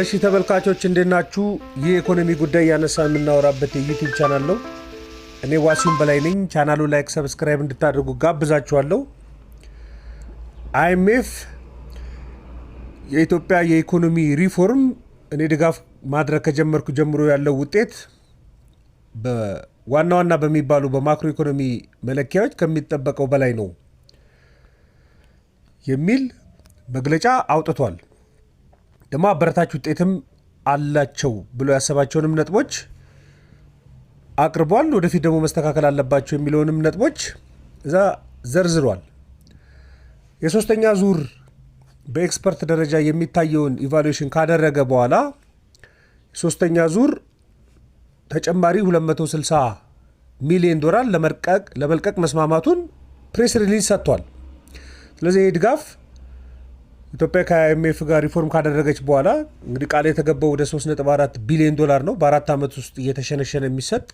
እሺ ተመልካቾች እንዴት ናችሁ? ይህ የኢኮኖሚ ጉዳይ ያነሳ የምናወራበት የዩቲዩብ ቻናል ነው። እኔ ዋሲሁን በላይ ነኝ። ቻናሉ ላይክ፣ ሰብስክራይብ እንድታደርጉ ጋብዛችኋለሁ። አይኤምኤፍ የኢትዮጵያ የኢኮኖሚ ሪፎርም እኔ ድጋፍ ማድረግ ከጀመርኩ ጀምሮ ያለው ውጤት በዋና ዋና በሚባሉ በማክሮ ኢኮኖሚ መለኪያዎች ከሚጠበቀው በላይ ነው የሚል መግለጫ አውጥቷል። ደግሞ አበረታች ውጤትም አላቸው ብሎ ያሰባቸውንም ነጥቦች አቅርቧል። ወደፊት ደግሞ መስተካከል አለባቸው የሚለውንም ነጥቦች እዛ ዘርዝሯል። የሶስተኛ ዙር በኤክስፐርት ደረጃ የሚታየውን ኢቫሉዌሽን ካደረገ በኋላ ሶስተኛ ዙር ተጨማሪ 260 ሚሊዮን ዶላር ለመልቀቅ መስማማቱን ፕሬስ ሪሊዝ ሰጥቷል። ስለዚህ ይህ ድጋፍ ኢትዮጵያ ከአይኤምኤፍ ጋር ሪፎርም ካደረገች በኋላ እንግዲህ ቃል የተገባው ወደ 3.4 ቢሊዮን ዶላር ነው በአራት ዓመት ውስጥ እየተሸነሸነ የሚሰጥ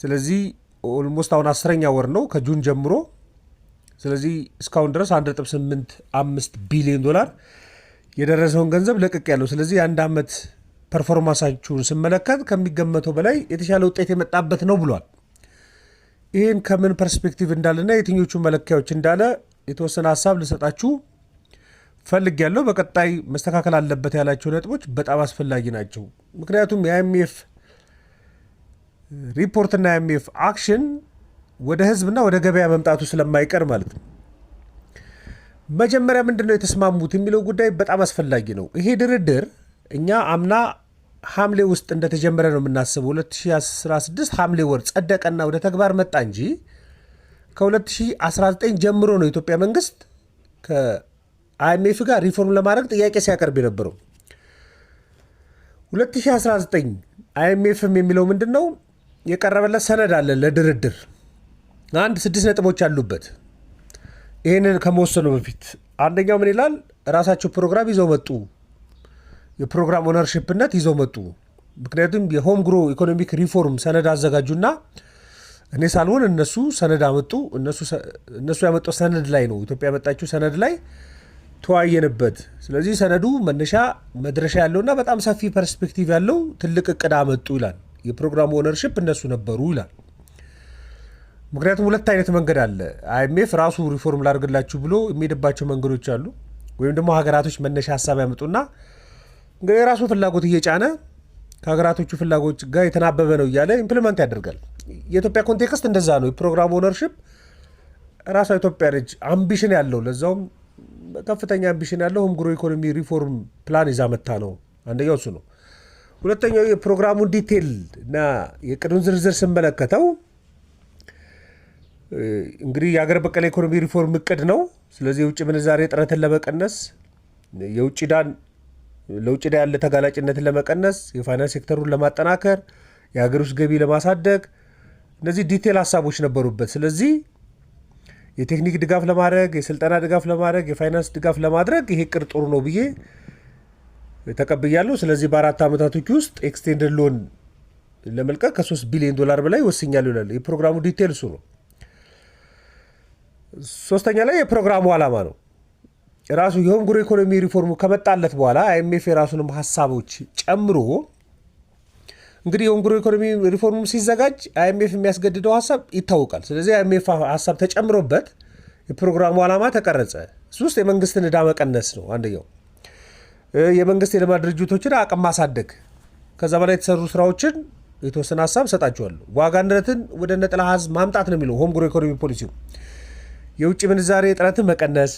ስለዚህ ኦልሞስት አሁን አስረኛ ወር ነው ከጁን ጀምሮ ስለዚህ እስካሁን ድረስ 1.85 ቢሊዮን ዶላር የደረሰውን ገንዘብ ለቅቅ ያለው ስለዚህ የአንድ ዓመት ፐርፎርማንሳችሁን ስመለከት ከሚገመተው በላይ የተሻለ ውጤት የመጣበት ነው ብሏል። ይህን ከምን ፐርስፔክቲቭ እንዳለና የትኞቹ መለኪያዎች እንዳለ የተወሰነ ሀሳብ ልሰጣችሁ ፈልግ ያለው በቀጣይ መስተካከል አለበት ያላቸው ነጥቦች በጣም አስፈላጊ ናቸው። ምክንያቱም የአይኤምኤፍ ሪፖርትና የአይኤምኤፍ አክሽን ወደ ህዝብና ወደ ገበያ መምጣቱ ስለማይቀር ማለት ነው። መጀመሪያ ምንድን ነው የተስማሙት የሚለው ጉዳይ በጣም አስፈላጊ ነው። ይሄ ድርድር እኛ አምና ሐምሌ ውስጥ እንደተጀመረ ነው የምናስበው። 2016 ሐምሌ ወር ጸደቀና ወደ ተግባር መጣ እንጂ ከ2019 ጀምሮ ነው ኢትዮጵያ መንግስት ከአይኤምኤፍ ጋር ሪፎርም ለማድረግ ጥያቄ ሲያቀርብ የነበረው። 2019 አይኤምኤፍም የሚለው ምንድን ነው የቀረበለት ሰነድ አለ ለድርድር አንድ ስድስት ነጥቦች አሉበት። ይህንን ከመወሰኑ በፊት አንደኛው ምን ይላል? ራሳቸው ፕሮግራም ይዘው መጡ። የፕሮግራም ኦነርሽፕነት ይዘው መጡ። ምክንያቱም የሆም ግሮ ኢኮኖሚክ ሪፎርም ሰነድ አዘጋጁና እኔ ሳልሆን እነሱ ሰነድ አመጡ። እነሱ ያመጣው ሰነድ ላይ ነው ኢትዮጵያ ያመጣችው ሰነድ ላይ ተወያየንበት። ስለዚህ ሰነዱ መነሻ መድረሻ ያለውና በጣም ሰፊ ፐርስፔክቲቭ ያለው ትልቅ እቅድ አመጡ ይላል። የፕሮግራሙ ኦነርሽፕ እነሱ ነበሩ ይላል። ምክንያቱም ሁለት አይነት መንገድ አለ። አይኤምኤፍ ራሱ ሪፎርም ላድርግላችሁ ብሎ የሚሄድባቸው መንገዶች አሉ። ወይም ደግሞ ሀገራቶች መነሻ ሀሳብ ያመጡና እንግዲህ የራሱ ፍላጎት እየጫነ ከሀገራቶቹ ፍላጎች ጋር የተናበበ ነው እያለ ኢምፕሊመንት ያደርጋል። የኢትዮጵያ ኮንቴክስት እንደዛ ነው። የፕሮግራም ኦነርሽፕ ራሷ ኢትዮጵያ ልጅ አምቢሽን ያለው ለዛውም ከፍተኛ አምቢሽን ያለው ሆምግሮ ኢኮኖሚ ሪፎርም ፕላን ይዛ መታ ነው። አንደኛው እሱ ነው። ሁለተኛው የፕሮግራሙን ዲቴል እና የቅዱን ዝርዝር ስመለከተው እንግዲህ የሀገር በቀል ኢኮኖሚ ሪፎርም እቅድ ነው። ስለዚህ የውጭ ምንዛሬ ጥረትን ለመቀነስ የውጭ ዳን ለውጭ ዕዳ ያለ ተጋላጭነትን ለመቀነስ፣ የፋይናንስ ሴክተሩን ለማጠናከር፣ የሀገር ውስጥ ገቢ ለማሳደግ እነዚህ ዲቴል ሀሳቦች ነበሩበት። ስለዚህ የቴክኒክ ድጋፍ ለማድረግ፣ የስልጠና ድጋፍ ለማድረግ፣ የፋይናንስ ድጋፍ ለማድረግ ይሄ ቅር ጥሩ ነው ብዬ ተቀብያለሁ። ስለዚህ በአራት ዓመታቶች ውስጥ ኤክስቴንደድ ሎን ለመልቀቅ ከ3 ቢሊዮን ዶላር በላይ ወስኛለሁ ይላል። የፕሮግራሙ ዲቴል እሱ ነው። ሶስተኛ ላይ የፕሮግራሙ ዓላማ ነው። ራሱ የሆምግሮ ኢኮኖሚ ሪፎርሙ ከመጣለት በኋላ አይኤምኤፍ የራሱንም ሀሳቦች ጨምሮ እንግዲህ የሆምግሮ ኢኮኖሚ ሪፎርሙ ሲዘጋጅ አይኤምኤፍ የሚያስገድደው ሀሳብ ይታወቃል። ስለዚህ አይኤምኤፍ ሀሳብ ተጨምሮበት የፕሮግራሙ ዓላማ ተቀረጸ። እሱ ውስጥ የመንግስትን እዳ መቀነስ ነው አንደኛው፣ የመንግስት የልማት ድርጅቶችን አቅም ማሳደግ፣ ከዛ በላይ የተሰሩ ስራዎችን የተወሰነ ሀሳብ ሰጣችኋለሁ። ዋጋ ንረትን ወደ ነጠላ አሃዝ ማምጣት ነው የሚለው ሆምግሮ ኢኮኖሚ ፖሊሲው፣ የውጭ ምንዛሬ እጥረትን መቀነስ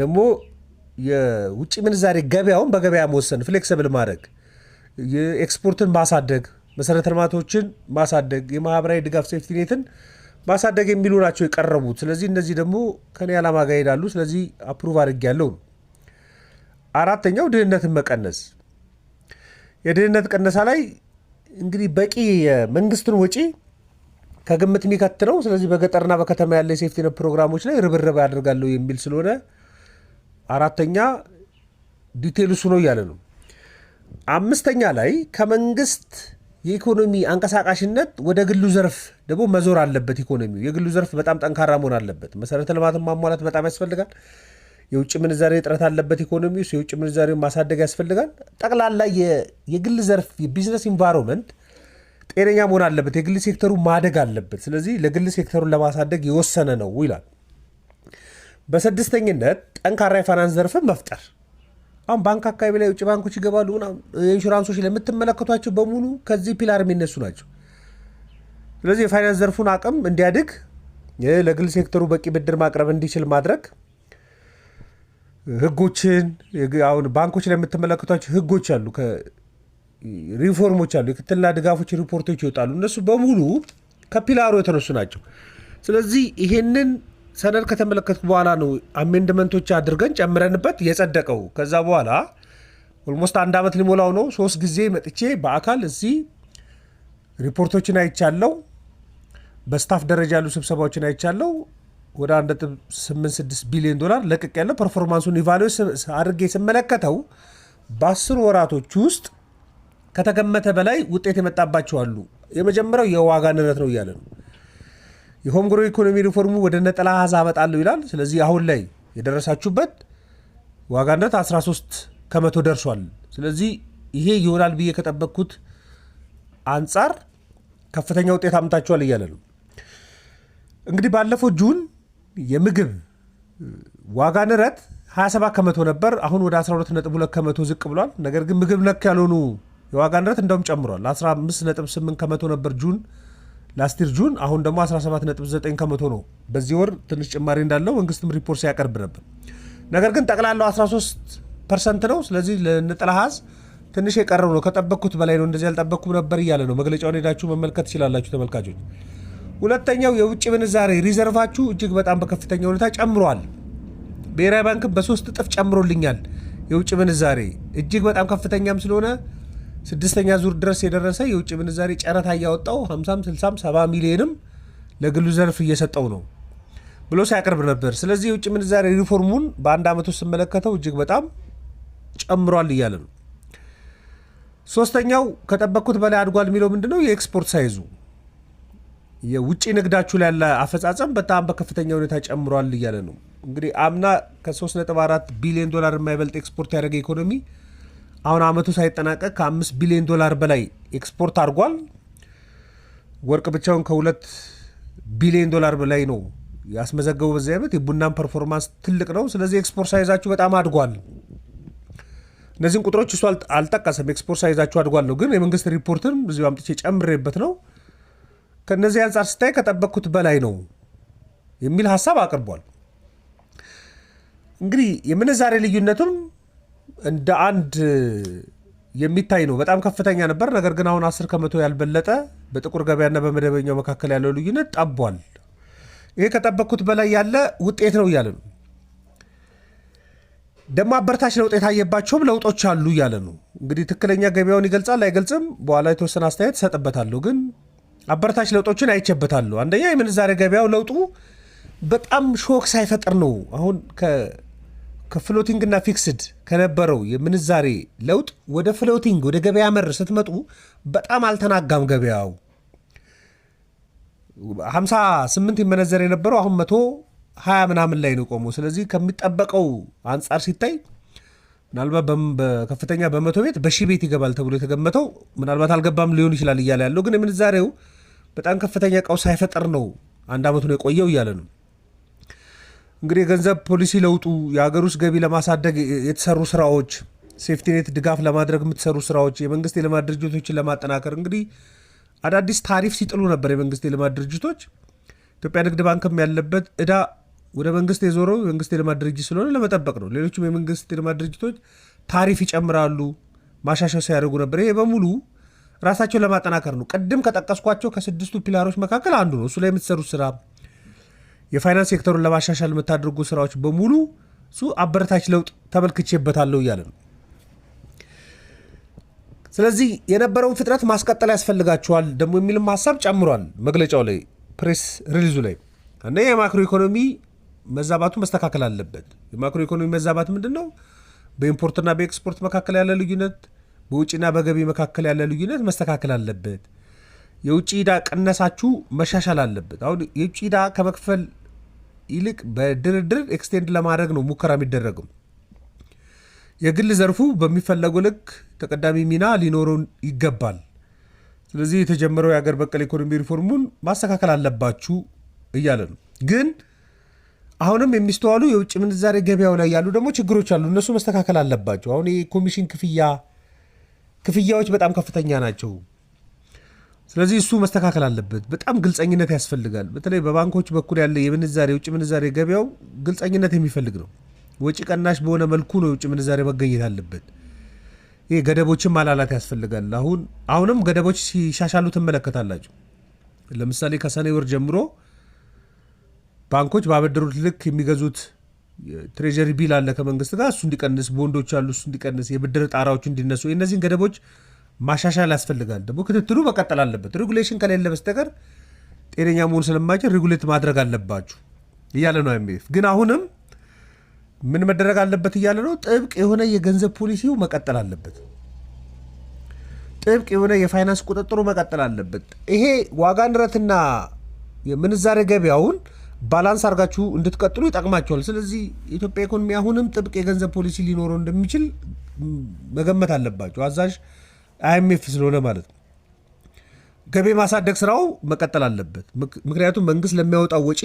ደግሞ የውጭ ምንዛሬ ገበያውን በገበያ መወሰን፣ ፍሌክስብል ማድረግ፣ የኤክስፖርትን ማሳደግ፣ መሰረተ ልማቶችን ማሳደግ፣ የማህበራዊ ድጋፍ ሴፍቲኔትን ማሳደግ የሚሉ ናቸው የቀረቡት። ስለዚህ እነዚህ ደግሞ ከኔ ዓላማ ጋር ይሄዳሉ። ስለዚህ አፕሩቭ ያለው ነው። አራተኛው ድህነትን መቀነስ። የድህነት ቀነሳ ላይ እንግዲህ በቂ የመንግስትን ወጪ ከግምት የሚከት ነው። ስለዚህ በገጠርና በከተማ ያለ የሴፍቲኔት ፕሮግራሞች ላይ ርብርብ ያደርጋለሁ የሚል ስለሆነ አራተኛ ዲቴልሱ ነው እያለ ነው። አምስተኛ ላይ ከመንግስት የኢኮኖሚ አንቀሳቃሽነት ወደ ግሉ ዘርፍ ደግሞ መዞር አለበት። ኢኮኖሚው የግሉ ዘርፍ በጣም ጠንካራ መሆን አለበት። መሰረተ ልማትን ማሟላት በጣም ያስፈልጋል። የውጭ ምንዛሬ እጥረት አለበት። ኢኮኖሚ ውስጥ የውጭ ምንዛሬውን ማሳደግ ያስፈልጋል። ጠቅላላ የግል ዘርፍ የቢዝነስ ኢንቫይሮንመንት ጤነኛ መሆን አለበት። የግል ሴክተሩ ማደግ አለበት። ስለዚህ ለግል ሴክተሩን ለማሳደግ የወሰነ ነው ይላል። በስድስተኝነት ጠንካራ የፋይናንስ ዘርፍን መፍጠር። አሁን ባንክ አካባቢ ላይ የውጭ ባንኮች ይገባሉ። ኢንሹራንሶች ለምትመለከቷቸው በሙሉ ከዚህ ፒላር የሚነሱ ናቸው። ስለዚህ የፋይናንስ ዘርፉን አቅም እንዲያድግ ለግል ሴክተሩ በቂ ብድር ማቅረብ እንዲችል ማድረግ ህጎችን አሁን ባንኮች ላይ የምትመለከቷቸው ህጎች አሉ፣ ሪፎርሞች አሉ፣ የክትትልና ድጋፎች ሪፖርቶች ይወጣሉ። እነሱ በሙሉ ከፒላሩ የተነሱ ናቸው። ስለዚህ ይሄንን ሰነድ ከተመለከትኩ በኋላ ነው አሜንድመንቶች አድርገን ጨምረንበት የጸደቀው። ከዛ በኋላ ኦልሞስት አንድ ዓመት ሊሞላው ነው። ሶስት ጊዜ መጥቼ በአካል እዚህ ሪፖርቶችን አይቻለው። በስታፍ ደረጃ ያሉ ስብሰባዎችን አይቻለው። ወደ 1.86 ቢሊዮን ዶላር ለቅቅ ያለው ፐርፎርማንሱን ኢቫሉዌት አድርጌ ስመለከተው በአስር ወራቶች ውስጥ ከተገመተ በላይ ውጤት የመጣባቸው አሉ። የመጀመሪያው የዋጋ ንረት ነው እያለ ነው የሆምግሮ ኢኮኖሚ ሪፎርሙ ወደ ነጠላ አሃዝ አመጣለሁ ይላል። ስለዚህ አሁን ላይ የደረሳችሁበት ዋጋ ንረት 13 ከመቶ ደርሷል። ስለዚህ ይሄ ይሆናል ብዬ ከጠበቅኩት አንጻር ከፍተኛ ውጤት አምታችኋል እያለ ነው። እንግዲህ ባለፈው ጁን የምግብ ዋጋ ንረት 27 ከመቶ ነበር። አሁን ወደ 12.2 ከመቶ ዝቅ ብሏል። ነገር ግን ምግብ ነክ ያልሆኑ የዋጋ ንረት እንደውም ጨምሯል። 15.8 ከመቶ ነበር ጁን ላስቲር ጁን አሁን ደግሞ 17.9 ከመቶ ነው። በዚህ ወር ትንሽ ጭማሪ እንዳለው መንግስትም ሪፖርት ሲያቀርብ ነበር። ነገር ግን ጠቅላላው 13 ፐርሰንት ነው። ስለዚህ ለንጥል ሀዝ ትንሽ የቀረው ነው። ከጠበቅኩት በላይ ነው፣ እንደዚህ ያልጠበቅኩም ነበር እያለ ነው። መግለጫውን ሄዳችሁ መመልከት ትችላላችሁ ተመልካቾች። ሁለተኛው የውጭ ምንዛሬ ሪዘርቫችሁ እጅግ በጣም በከፍተኛ ሁኔታ ጨምሯል። ብሔራዊ ባንክም በሶስት እጥፍ ጨምሮልኛል የውጭ ምንዛሬ እጅግ በጣም ከፍተኛም ስለሆነ ስድስተኛ ዙር ድረስ የደረሰ የውጭ ምንዛሬ ጨረታ እያወጣው 50፣ 60፣ 70 ሚሊዮንም ለግሉ ዘርፍ እየሰጠው ነው ብሎ ሲያቀርብ ነበር። ስለዚህ የውጭ ምንዛሬ ሪፎርሙን በአንድ ዓመት ውስጥ ስመለከተው እጅግ በጣም ጨምሯል እያለ ነው። ሶስተኛው ከጠበቅኩት በላይ አድጓል የሚለው ምንድነው? የኤክስፖርት ሳይዙ የውጭ ንግዳችሁ ላይ ያለ አፈጻጸም በጣም በከፍተኛ ሁኔታ ጨምሯል እያለ ነው። እንግዲህ አምና ከ3.4 ቢሊዮን ዶላር የማይበልጥ ኤክስፖርት ያደረገ ኢኮኖሚ አሁን አመቱ ሳይጠናቀቅ ከአምስት ቢሊዮን ዶላር በላይ ኤክስፖርት አድርጓል። ወርቅ ብቻውን ከሁለት ቢሊዮን ዶላር በላይ ነው ያስመዘገቡ በዚህ ዓመት። የቡናን ፐርፎርማንስ ትልቅ ነው። ስለዚህ ኤክስፖርት ሳይዛችሁ በጣም አድጓል። እነዚህን ቁጥሮች እሱ አልጠቀሰም። ኤክስፖርት ሳይዛችሁ አድጓል ነው ግን የመንግስት ሪፖርትን እዚሁ አምጥቼ ጨምሬበት ነው። ከእነዚህ አንጻር ስታይ ከጠበቅኩት በላይ ነው የሚል ሀሳብ አቅርቧል። እንግዲህ የምንዛሬ ልዩነቱም እንደ አንድ የሚታይ ነው። በጣም ከፍተኛ ነበር። ነገር ግን አሁን አስር ከመቶ ያልበለጠ በጥቁር ገበያና በመደበኛው መካከል ያለው ልዩነት ጠቧል። ይሄ ከጠበቅኩት በላይ ያለ ውጤት ነው እያለ ነው። ደግሞ አበረታች ለውጥ የታየባቸውም ለውጦች አሉ እያለ ነው። እንግዲህ ትክክለኛ ገበያውን ይገልጻል አይገልጽም፣ በኋላ የተወሰነ አስተያየት እሰጥበታለሁ። ግን አበረታች ለውጦችን አይቼበታለሁ። አንደኛ የምንዛሬ ገበያው ለውጡ በጣም ሾክ ሳይፈጥር ነው አሁን ከፍሎቲንግና ፊክስድ ከነበረው የምንዛሬ ለውጥ ወደ ፍሎቲንግ ወደ ገበያ መር ስትመጡ በጣም አልተናጋም ገበያው። 58 ይመነዘር የነበረው አሁን 20 ምናምን ላይ ነው ቆሞ። ስለዚህ ከሚጠበቀው አንጻር ሲታይ ምናልባት በከፍተኛ በመቶ ቤት በሺ ቤት ይገባል ተብሎ የተገመተው ምናልባት አልገባም ሊሆን ይችላል እያለ ያለው ግን የምንዛሬው በጣም ከፍተኛ ቀውስ ሳይፈጠር ነው አንድ ዓመቱን የቆየው እያለ ነው። እንግዲህ የገንዘብ ፖሊሲ ለውጡ፣ የሀገር ውስጥ ገቢ ለማሳደግ የተሰሩ ስራዎች፣ ሴፍቲኔት ድጋፍ ለማድረግ የምትሰሩ ስራዎች፣ የመንግስት የልማት ድርጅቶችን ለማጠናከር እንግዲህ አዳዲስ ታሪፍ ሲጥሉ ነበር የመንግስት የልማት ድርጅቶች። ኢትዮጵያ ንግድ ባንክም ያለበት እዳ ወደ መንግስት የዞረው የመንግስት የልማት ድርጅት ስለሆነ ለመጠበቅ ነው። ሌሎችም የመንግስት የልማት ድርጅቶች ታሪፍ ይጨምራሉ፣ ማሻሻያ ሲያደርጉ ነበር። ይሄ በሙሉ ራሳቸውን ለማጠናከር ነው። ቅድም ከጠቀስኳቸው ከስድስቱ ፒላሮች መካከል አንዱ ነው። እሱ ላይ የምትሰሩት ስራ የፋይናንስ ሴክተሩን ለማሻሻል የምታደርጉ ስራዎች በሙሉ እሱ አበረታች ለውጥ ተመልክቼበታለሁ እያለ ነው። ስለዚህ የነበረውን ፍጥነት ማስቀጠል ያስፈልጋቸዋል ደግሞ የሚልም ሀሳብ ጨምሯል መግለጫው ላይ ፕሬስ ሪሊዙ ላይ እና የማክሮ ኢኮኖሚ መዛባቱ መስተካከል አለበት። የማክሮ ኢኮኖሚ መዛባት ምንድን ነው? በኢምፖርትና በኤክስፖርት መካከል ያለ ልዩነት፣ በውጭና በገቢ መካከል ያለ ልዩነት መስተካከል አለበት። የውጭ ዕዳ ቅነሳችሁ መሻሻል አለበት። አሁን የውጭ ዕዳ ከመክፈል ይልቅ በድርድር ኤክስቴንድ ለማድረግ ነው ሙከራ የሚደረገው። የግል ዘርፉ በሚፈለገው ልክ ተቀዳሚ ሚና ሊኖረው ይገባል። ስለዚህ የተጀመረው የአገር በቀል ኢኮኖሚ ሪፎርሙን ማስተካከል አለባችሁ እያለ ነው። ግን አሁንም የሚስተዋሉ የውጭ ምንዛሬ ገበያው ላይ ያሉ ደግሞ ችግሮች አሉ። እነሱ መስተካከል አለባቸው። አሁን የኮሚሽን ክፍያ ክፍያዎች በጣም ከፍተኛ ናቸው። ስለዚህ እሱ መስተካከል አለበት። በጣም ግልጸኝነት ያስፈልጋል። በተለይ በባንኮች በኩል ያለ የምንዛሬ የውጭ ምንዛሬ ገበያው ግልጸኝነት የሚፈልግ ነው። ወጪ ቀናሽ በሆነ መልኩ ነው የውጭ ምንዛሬ መገኘት አለበት። ይህ ገደቦችን ማላላት ያስፈልጋል። አሁን አሁንም ገደቦች ሲሻሻሉ ትመለከታላችሁ። ለምሳሌ ከሰኔ ወር ጀምሮ ባንኮች ባበደሩት ልክ የሚገዙት ትሬጀሪ ቢል አለ ከመንግስት ጋር እሱ እንዲቀንስ፣ ቦንዶች አሉ እሱ እንዲቀንስ፣ የብድር ጣራዎች እንዲነሱ እነዚህን ገደቦች ማሻሻል ያስፈልጋል። ደግሞ ክትትሉ መቀጠል አለበት። ሬጉሌሽን ከሌለ በስተቀር ጤነኛ መሆን ስለማይችል ሬጉሌት ማድረግ አለባችሁ እያለ ነው አይኤምኤፍ። ግን አሁንም ምን መደረግ አለበት እያለ ነው፣ ጥብቅ የሆነ የገንዘብ ፖሊሲው መቀጠል አለበት። ጥብቅ የሆነ የፋይናንስ ቁጥጥሩ መቀጠል አለበት። ይሄ ዋጋ ንረትና የምንዛሬ ገበያውን ባላንስ አድርጋችሁ እንድትቀጥሉ ይጠቅማቸዋል። ስለዚህ ኢትዮጵያ ኢኮኖሚ አሁንም ጥብቅ የገንዘብ ፖሊሲ ሊኖረው እንደሚችል መገመት አለባቸው አዛዥ አይኤምኤፍ ስለሆነ ማለት ነው። ገቢ ማሳደግ ስራው መቀጠል አለበት። ምክንያቱም መንግስት ለሚያወጣው ወጪ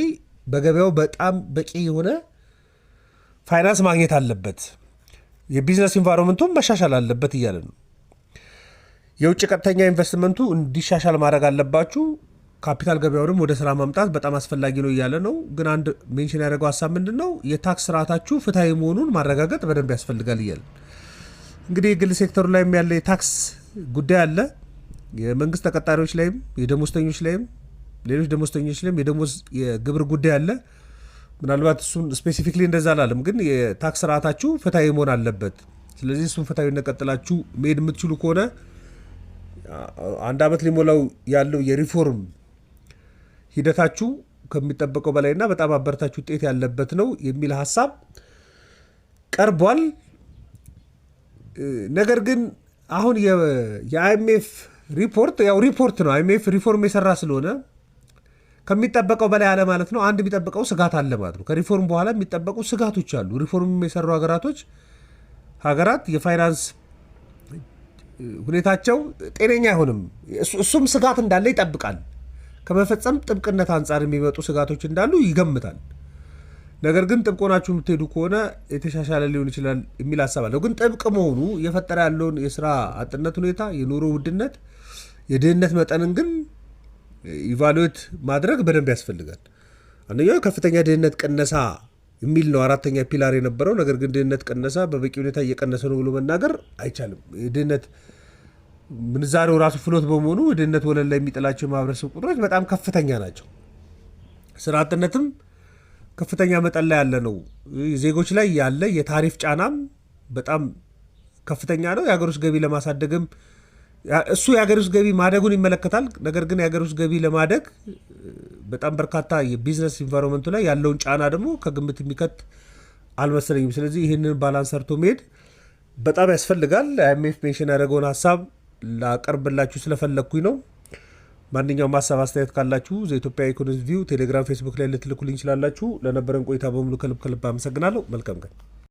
በገበያው በጣም በቂ የሆነ ፋይናንስ ማግኘት አለበት። የቢዝነስ ኢንቫይሮንመንቱም መሻሻል አለበት እያለ ነው። የውጭ ቀጥተኛ ኢንቨስትመንቱ እንዲሻሻል ማድረግ አለባችሁ። ካፒታል ገበያውንም ወደ ስራ ማምጣት በጣም አስፈላጊ ነው እያለ ነው። ግን አንድ ሜንሽን ያደረገው ሀሳብ ምንድን ነው? የታክስ ስርዓታችሁ ፍትሐዊ መሆኑን ማረጋገጥ በደንብ ያስፈልጋል እያለ እንግዲህ ግል ሴክተሩ ላይም ያለ የታክስ ጉዳይ አለ። የመንግስት ተቀጣሪዎች ላይም የደሞዝተኞች ላይም ሌሎች ደሞዝተኞች ላይም የደሞዝ የግብር ጉዳይ አለ። ምናልባት እሱን ስፔሲፊክሊ እንደዛ አላለም፣ ግን የታክስ ስርዓታችሁ ፍትሐዊ መሆን አለበት። ስለዚህ እሱን ፍትሐዊነት ቀጥላችሁ መሄድ የምትችሉ ከሆነ አንድ ዓመት ሊሞላው ያለው የሪፎርም ሂደታችሁ ከሚጠበቀው በላይና በጣም አበረታች ውጤት ያለበት ነው የሚል ሀሳብ ቀርቧል። ነገር ግን አሁን የአይኤምኤፍ ሪፖርት ያው ሪፖርት ነው። አይምኤፍ ሪፎርም የሰራ ስለሆነ ከሚጠበቀው በላይ አለ ማለት ነው። አንድ የሚጠበቀው ስጋት አለ ማለት ነው። ከሪፎርም በኋላ የሚጠበቁ ስጋቶች አሉ። ሪፎርም የሰሩ ሀገራቶች ሀገራት የፋይናንስ ሁኔታቸው ጤነኛ አይሆንም። እሱም ስጋት እንዳለ ይጠብቃል። ከመፈጸም ጥብቅነት አንጻር የሚመጡ ስጋቶች እንዳሉ ይገምታል። ነገር ግን ጥብቅ ሆናችሁ የምትሄዱ ከሆነ የተሻሻለ ሊሆን ይችላል የሚል ሀሳብ አለው። ግን ጥብቅ መሆኑ እየፈጠረ ያለውን የስራ አጥነት ሁኔታ፣ የኑሮ ውድነት፣ የድህነት መጠንን ግን ኢቫሉዌት ማድረግ በደንብ ያስፈልጋል። አንደኛው ከፍተኛ ድህነት ቅነሳ የሚል ነው አራተኛ ፒላር የነበረው። ነገር ግን ድህነት ቅነሳ በበቂ ሁኔታ እየቀነሰ ነው ብሎ መናገር አይቻልም። የድህነት ምንዛሬው ራሱ ፍሎት በመሆኑ ድህነት ወለል ላይ የሚጥላቸው የማህበረሰብ ቁጥሮች በጣም ከፍተኛ ናቸው። ስራ አጥነትም ከፍተኛ መጠን ላይ ያለ ነው። ዜጎች ላይ ያለ የታሪፍ ጫናም በጣም ከፍተኛ ነው። የሀገር ውስጥ ገቢ ለማሳደግም እሱ የሀገር ውስጥ ገቢ ማደጉን ይመለከታል። ነገር ግን የሀገር ውስጥ ገቢ ለማደግ በጣም በርካታ የቢዝነስ ኢንቫይሮንመንቱ ላይ ያለውን ጫና ደግሞ ከግምት የሚከት አልመሰለኝም። ስለዚህ ይህንን ባላንስ ሰርቶ መሄድ በጣም ያስፈልጋል። አይኤምኤፍ ሜንሽን ያደረገውን ሀሳብ ላቀርብላችሁ ስለፈለግኩኝ ነው። ማንኛውም ሀሳብ አስተያየት ካላችሁ ዘኢትዮጵያ ኢኮኖሚ ቪው ቴሌግራም፣ ፌስቡክ ላይ ልትልኩልኝ ይችላላችሁ። ለነበረን ቆይታ በሙሉ ከልብ ከልብ አመሰግናለሁ። መልካም ቀን